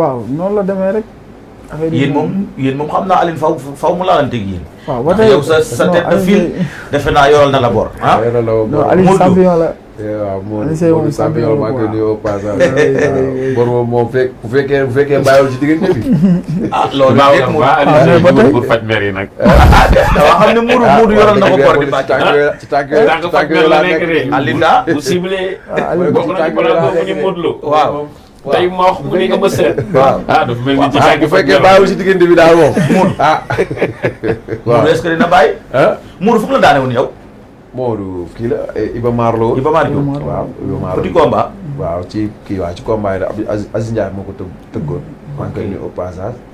waaw noonu la demee rek. affaire yéen moom yéen moom xam naa Alioune faw mu laalanteeg yéen. waaw ba tey yow sa sa tête de defe naa yoral na la bor. ah yoral na la bor non Alioune champion la. Eh, waaw moom champion maa koy ah, ah, yi nag. ah, ah xam ne waaw. tey ma wax waaw ah dafa mel ni ci ah, bu fekkee bàyyiwul si diggante bi daal moom. Mour ah. waaw Mour est-ce que dina bàyyi. la daane woon yow. Modou kii la eh, Iba Mar la woon. Iba Mar waaw Iba Mar petit combat. waaw ci kii waaw ci combat yi la Aziz Ndiaye moo ko tëggoon. maa ngi koy nuyu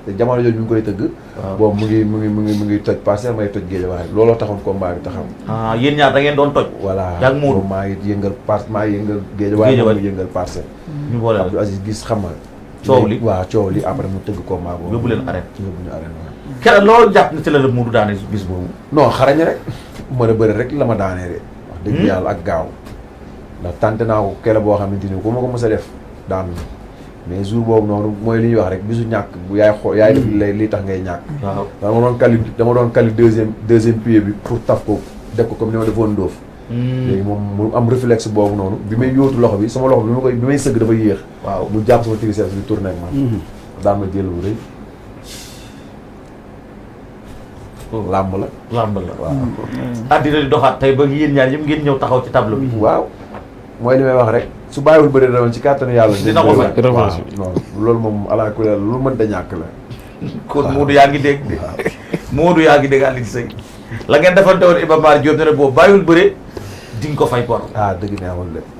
te jamono jooju mu ngi koy tëgg ah. boobu mu ngi mu ngi mu ngi mu ngi toj parcelle may toj géej waaye looloo taxoon combat bi taxaw ah yéen ñaar da ngeen doon toj voilà yaag muur maa ngi yëngal par maa ngi yëngal géej waaye mu ngi yëngal parcelle mm. ñu gis xam nga coow li waa coow li après mu tëgg combat boobu yóbbu leen arène yóbbu ñu arène waaw keroog loolu jàpp na ci la la muur daane bis boobu non xarañ rek mën a bëri rek la ma daanee de hmm? yàlla ak gaaw ndax tànte naa ko kele boo xamante ni ku ma ko mës a def daan mais jour boobu noonu mooy li ñuy wax rek bisu ñàkk bu yaay xoo yaay def lay li tax ngay ñàkk dama doon kali dama doon kali deuxième deuxième pied bi pour taf ko def ko comme ni ma defoon doof hmm. léegi moom mu am réflexe boobu noonu bi may yóotu loxo bi sama loxo bi koy bi may sëgg dafa yéex waaw mu jàpp sama triceps bi tourné ak man hmm. daan ma jël bu rëy làmb la làmb la waaw àddina di doxaat tey ba yéen ñaar yëpp ngeen ñëw taxaw ci tableau bi waaw mooy li wax rek su bàyyiwul bëri na woon ci kàttanu yàlla. dina ko fay non loolu moom ala kulli lu mën da ñàkk la. ko Moodu yaa ngi dégg. waaw Moodu yaa ngi dégg Alioune Seye la ngeen defante woon Iba Mar Diop ne boo bàyyiwul bëre di ko fay bor. ah dëgg neexul de.